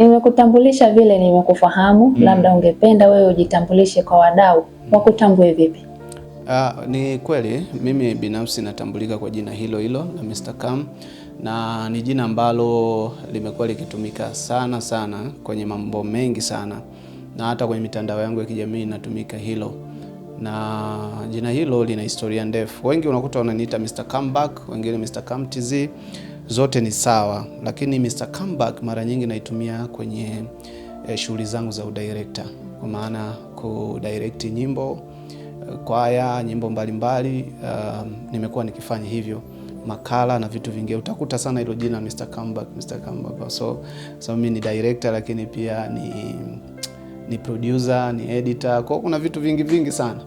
Nimekutambulisha vile nimekufahamu mm. Labda ungependa wewe ujitambulishe kwa wadau mm. wakutambue vipi? Uh, ni kweli mimi binafsi natambulika kwa jina hilo hilo la Mr. Kam na ni jina ambalo limekuwa likitumika sana sana kwenye mambo mengi sana, na hata kwenye mitandao yangu ya kijamii natumika hilo, na jina hilo lina historia ndefu. Wengi unakuta wananiita Mr. Comeback, wengine Mr. Kam TZ zote ni sawa, lakini Mr. Comeback mara nyingi naitumia kwenye eh, shughuli zangu za udirector, kwa maana kudirect nyimbo, eh, kwaya, nyimbo mbalimbali mbali, uh, eh, nimekuwa nikifanya hivyo makala na vitu vingine, utakuta sana hilo jina Mr. Comeback, Mr. Comeback. So so mimi ni director lakini pia ni ni producer, ni editor, kwa kuna vitu vingi vingi sana,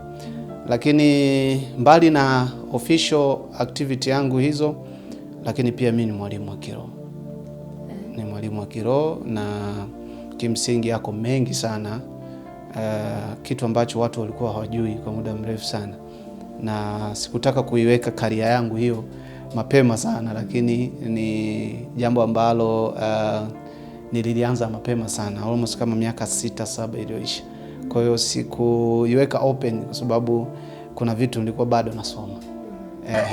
lakini mbali na official activity yangu hizo lakini pia mi ni mwalimu wa kiroho, ni mwalimu wa kiroho na kimsingi yako mengi sana uh, kitu ambacho watu walikuwa hawajui kwa muda mrefu sana, na sikutaka kuiweka karia yangu hiyo mapema sana, lakini ni jambo ambalo uh, nililianza mapema sana, almost kama miaka sita saba iliyoisha. Kwa hiyo sikuiweka open kwa sababu kuna vitu nilikuwa bado nasoma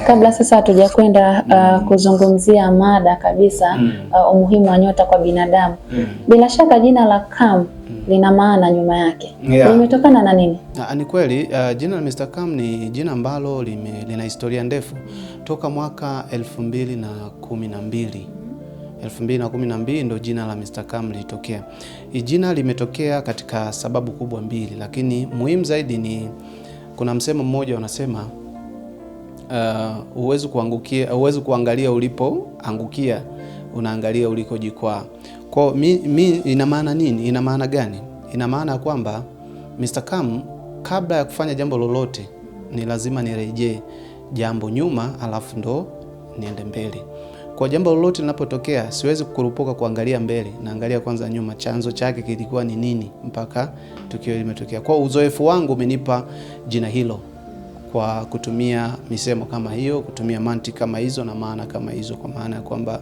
Kabla sasa hatujakwenda uh, mm. kuzungumzia mada kabisa mm. uh, umuhimu wa nyota kwa binadamu mm. bila shaka jina la Kam mm. lina maana nyuma yake yeah. limetokana na nini? Ah, ni kweli uh, jina la Mr. Kam ni jina ambalo lina historia ndefu toka mwaka elfu mbili na kumi na mbili elfu mbili na kumi na mbili ndo jina la Mr. Kam lilitokea. Jina limetokea katika sababu kubwa mbili, lakini muhimu zaidi ni kuna msemo mmoja wanasema Uh, huwezi uh, kuangukia, huwezi kuangalia ulipoangukia, unaangalia ulikojikwaa. Kwa mi, mi, ina maana nini? Ina maana gani? Ina maana ya kwamba Mr. Kam, kabla ya kufanya jambo lolote, ni lazima nirejee jambo nyuma, alafu ndo niende mbele. Kwa jambo lolote linapotokea, siwezi kukurupuka kuangalia mbele, naangalia kwanza nyuma, chanzo chake kilikuwa ni nini mpaka tukio limetokea. Kwa uzoefu wangu umenipa jina hilo kwa kutumia misemo kama hiyo, kutumia mantiki kama hizo na maana kama hizo, kwa maana ya kwamba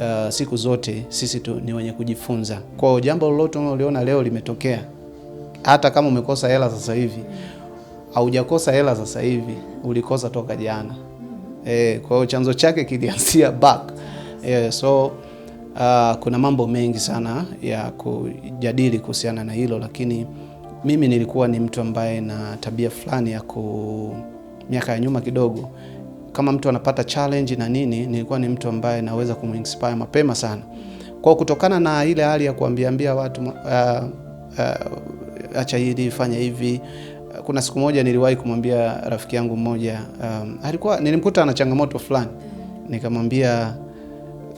uh, siku zote sisi tu ni wenye kujifunza. Kwa hiyo jambo lolote unaloona leo limetokea, hata kama umekosa hela sasa hivi, haujakosa hela sasa hivi, ulikosa toka jana. E, kwa hiyo chanzo chake kilianzia back. E, so uh, kuna mambo mengi sana ya kujadili kuhusiana na hilo lakini mimi nilikuwa ni mtu ambaye na tabia fulani ya ku miaka ya nyuma kidogo, kama mtu anapata challenge na nini, nilikuwa ni mtu ambaye naweza kuminspire mapema sana, kwa kutokana na ile hali ya kuambiambia watu uh, uh, acha hili fanya hivi. Kuna siku moja niliwahi kumwambia rafiki yangu mmoja um, alikuwa nilimkuta ana changamoto fulani, nikamwambia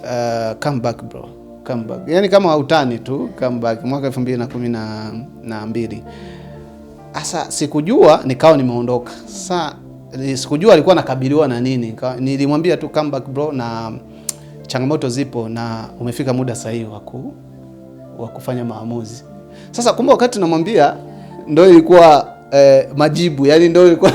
uh, come back bro comeback, yani kama hautani tu comeback mwaka elfu mbili na kumi na hasa sikujua, nikawa nimeondoka. Sasa sikujua alikuwa nakabiliwa na nini, nilimwambia tu comeback bro, na changamoto zipo na umefika muda sahihi wa kufanya maamuzi. Sasa kumbe wakati namwambia ndo ilikuwa eh, majibu yani ndo ilikuwa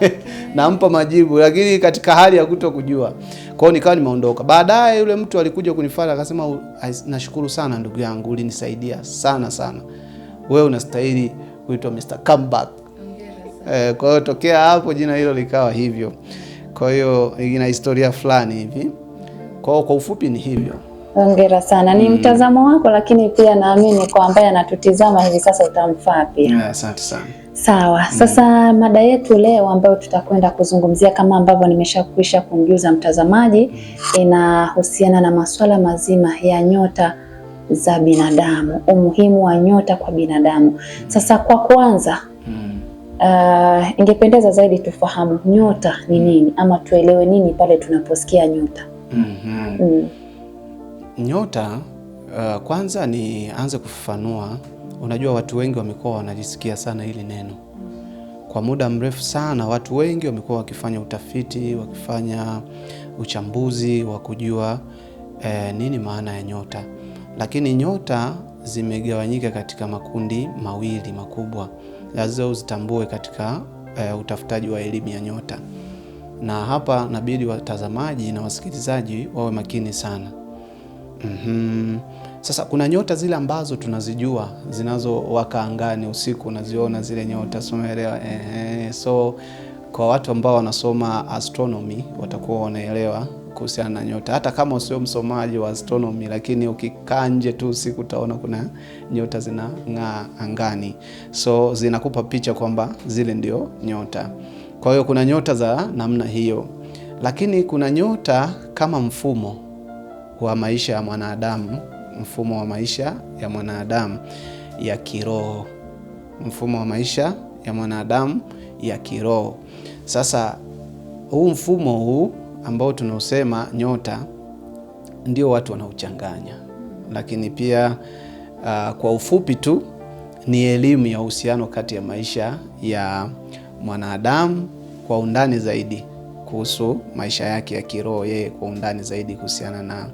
nampa majibu, lakini katika hali ya kuto kujua kwa hiyo nikawa nimeondoka. Baadaye yule mtu alikuja kunifuata akasema, nashukuru sana ndugu yangu, ulinisaidia sana sana, wewe unastahili kuitwa Mr. Comeback. Eh, kwa hiyo tokea hapo jina hilo likawa hivyo. Kwa hiyo ina historia fulani hivi. Kwa hiyo kwa ufupi ni hivyo. Hongera sana. Ni mm, mtazamo wako, lakini pia naamini kwa ambaye anatutizama hivi sasa utamfaa pia. Asante yeah, sana. Sawa. Mm. Sasa mada yetu leo ambayo tutakwenda kuzungumzia kama ambavyo nimeshakwisha kumjuza mtazamaji, inahusiana na masuala mazima ya nyota za binadamu, umuhimu wa nyota kwa binadamu. Sasa kwa kwanza mm. Uh, ingependeza zaidi tufahamu nyota ni mm. nini ama tuelewe nini pale tunaposikia nyota. Mm -hmm. Mm. Nyota Eh, kwanza ni anze kufafanua. Unajua, watu wengi wamekuwa wanajisikia sana hili neno kwa muda mrefu sana. Watu wengi wamekuwa wakifanya utafiti, wakifanya uchambuzi wa kujua eh, nini maana ya nyota, lakini nyota zimegawanyika katika makundi mawili makubwa, lazima uzitambue katika eh, utafutaji wa elimu ya nyota, na hapa nabidi watazamaji na wasikilizaji wawe makini sana mm -hmm. Sasa kuna nyota zile ambazo tunazijua zinazowaka angani usiku, unaziona zile nyota, simeelewa? Eh, so kwa watu ambao wanasoma astronomy watakuwa wanaelewa kuhusiana na nyota, hata kama usio msomaji wa astronomy, lakini ukikaa nje tu usiku utaona kuna nyota zinang'aa angani, so zinakupa picha kwamba zile ndio nyota. Kwa hiyo kuna nyota za namna hiyo, lakini kuna nyota kama mfumo wa maisha ya mwanadamu, mfumo wa maisha ya mwanadamu ya kiroho, mfumo wa maisha ya mwanadamu ya kiroho. Sasa huu mfumo huu ambao tunaosema nyota, ndio watu wanauchanganya, lakini pia uh, kwa ufupi tu ni elimu ya uhusiano kati ya maisha ya mwanadamu kwa undani zaidi kuhusu maisha yake ya kiroho yeye kwa undani zaidi kuhusiana na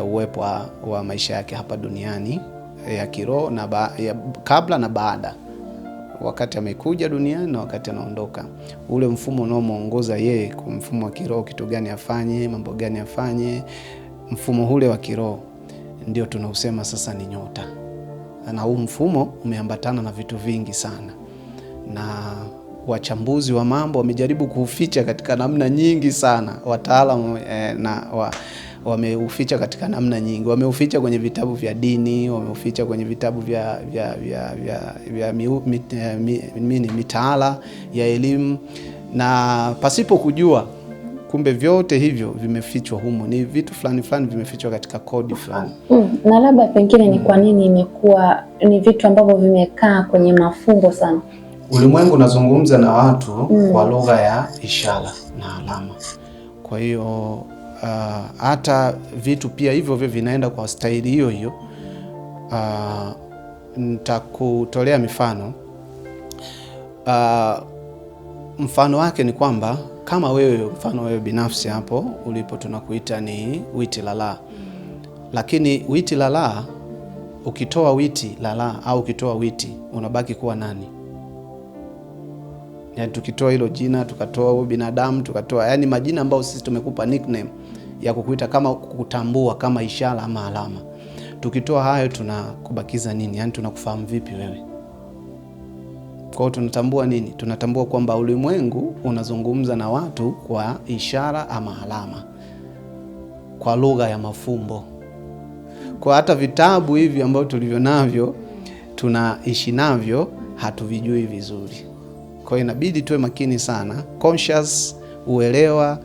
uh, uwepo wa, wa maisha yake hapa duniani eh, ya kiroho na ba, ya, kabla na baada, wakati amekuja duniani na wakati anaondoka, ule mfumo unaomwongoza yeye kwa mfumo wa kiroho, kitu gani afanye, mambo gani afanye, mfumo ule wa kiroho ndio tunausema sasa ni nyota, na huu mfumo umeambatana na vitu vingi sana na wachambuzi wa mambo wamejaribu kuuficha katika namna nyingi sana, wataalamu eh, na wa, wameuficha katika namna nyingi. Wameuficha kwenye vitabu vya dini, wameuficha kwenye vitabu vya, vya, vya, vya, vya mi, mit, mi, eh, mini, mitaala ya elimu na pasipo kujua kumbe vyote hivyo vimefichwa humo, ni vitu fulani fulani vimefichwa katika kodi fulani mm, na labda pengine ni kwa mm. nini imekuwa ni vitu ambavyo vimekaa kwenye mafumbo sana ulimwengu unazungumza na watu mm. kwa lugha ya ishara na alama. Kwa hiyo uh, hata vitu pia hivyo hivyo vinaenda kwa staili hiyo hiyo. Uh, nitakutolea mifano uh, mfano wake ni kwamba kama wewe mfano wewe binafsi hapo ulipo tunakuita ni witi lala, lakini witi lala, ukitoa witi lala au ukitoa witi unabaki kuwa nani? ya tukitoa hilo jina tukatoa huyo binadamu tukatoa, yani majina ambayo sisi tumekupa nickname ya kukuita kama kutambua kama ishara ama alama. Tukitoa hayo tunakubakiza nini? Yani tunakufahamu vipi wewe? Kwao tunatambua nini? Tunatambua kwamba ulimwengu unazungumza na watu kwa ishara ama alama, kwa lugha ya mafumbo. Kwa hata vitabu hivi ambavyo tulivyo navyo tunaishi navyo hatuvijui vizuri. Kwa hiyo inabidi tuwe makini sana, conscious, uelewa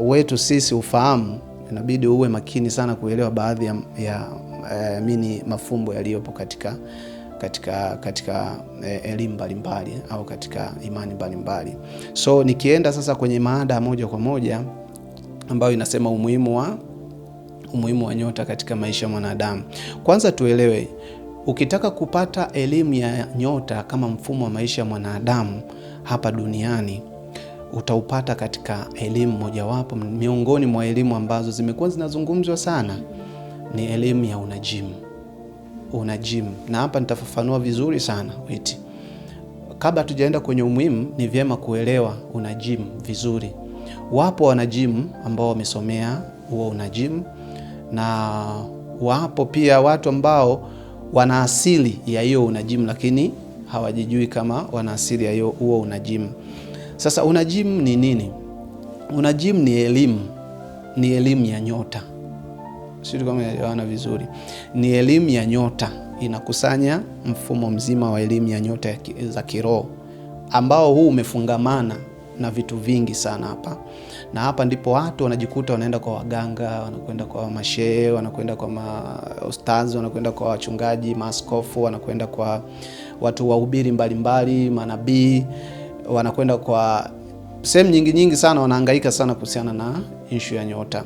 uh, wetu sisi, ufahamu, inabidi uwe makini sana kuelewa baadhi ya, ya eh, mini mafumbo yaliyopo katika katika katika eh, elimu mbalimbali au katika imani mbalimbali. So nikienda sasa kwenye maada moja kwa moja ambayo inasema umuhimu wa umuhimu wa nyota katika maisha ya mwanadamu. Kwanza tuelewe Ukitaka kupata elimu ya nyota kama mfumo wa maisha ya mwanadamu hapa duniani utaupata katika elimu mojawapo. Miongoni mwa elimu ambazo zimekuwa zinazungumzwa sana ni elimu ya unajimu. Unajimu, na hapa nitafafanua vizuri sana witi. Kabla tujaenda kwenye umuhimu, ni vyema kuelewa unajimu vizuri. Wapo wanajimu ambao wamesomea huo unajimu, na wapo pia watu ambao wana asili ya hiyo unajimu, lakini hawajijui kama wana asili ya hiyo huo unajimu. Sasa unajimu ni nini? Unajimu ni elimu, ni elimu ya nyota, sio kama elewana vizuri, ni elimu ya nyota, inakusanya mfumo mzima wa elimu ya nyota za kiroho ambao huu umefungamana na vitu vingi sana hapa, na hapa ndipo watu wanajikuta wanaenda kwa waganga, wanakwenda kwa mashehe, wanakwenda kwa maostazi, wanakwenda kwa wachungaji, maaskofu, wanakwenda kwa watu wahubiri mbalimbali, manabii, wanakwenda kwa sehemu nyingi nyingi sana, wanahangaika sana kuhusiana na nshu ya nyota.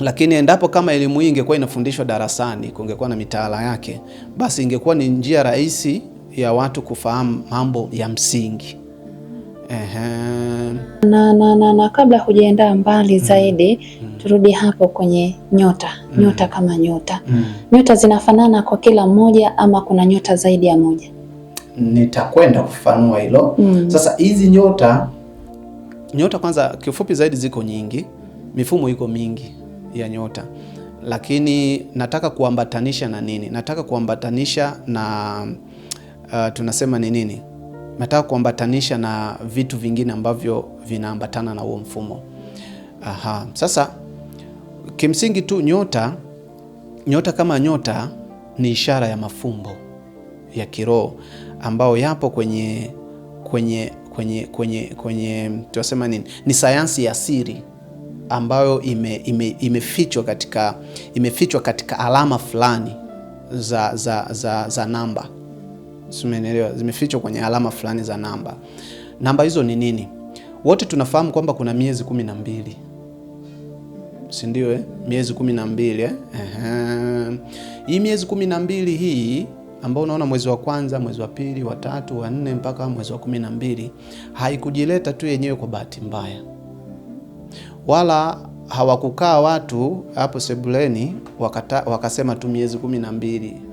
Lakini endapo kama elimu hii ingekuwa inafundishwa darasani, kungekuwa na mitaala yake, basi ingekuwa ni njia rahisi ya watu kufahamu mambo ya msingi na, na, na, na kabla hujaenda mbali mm. zaidi mm. turudi hapo kwenye nyota mm. nyota mm. kama nyota mm. nyota zinafanana kwa kila mmoja ama kuna nyota zaidi ya moja? Nitakwenda kufanua hilo mm. Sasa hizi nyota nyota kwanza, kifupi zaidi, ziko nyingi, mifumo iko mingi ya nyota, lakini nataka kuambatanisha na nini? Nataka kuambatanisha na uh, tunasema ni nini nataka kuambatanisha na vitu vingine ambavyo vinaambatana na huo mfumo. Aha. Sasa kimsingi tu nyota, nyota kama nyota ni ishara ya mafumbo ya kiroho ambayo yapo kwenye kwenye kwenye kwenye kwenye tunasema nini, ni sayansi ya siri ambayo ime, ime, imefichwa katika, imefichwa katika alama fulani za, za, za, za namba simenelewa, zimefichwa kwenye alama fulani za namba. Namba hizo ni nini? Wote tunafahamu kwamba kuna miezi kumi na mbili, si ndio? Eh, miezi kumi na mbili eh? Hii miezi kumi na mbili hii ambao unaona mwezi wa kwanza, mwezi wa pili, wa tatu, wa nne mpaka mwezi wa kumi na mbili haikujileta tu yenyewe kwa bahati mbaya, wala hawakukaa watu hapo sebuleni wakata, wakasema tu miezi kumi na mbili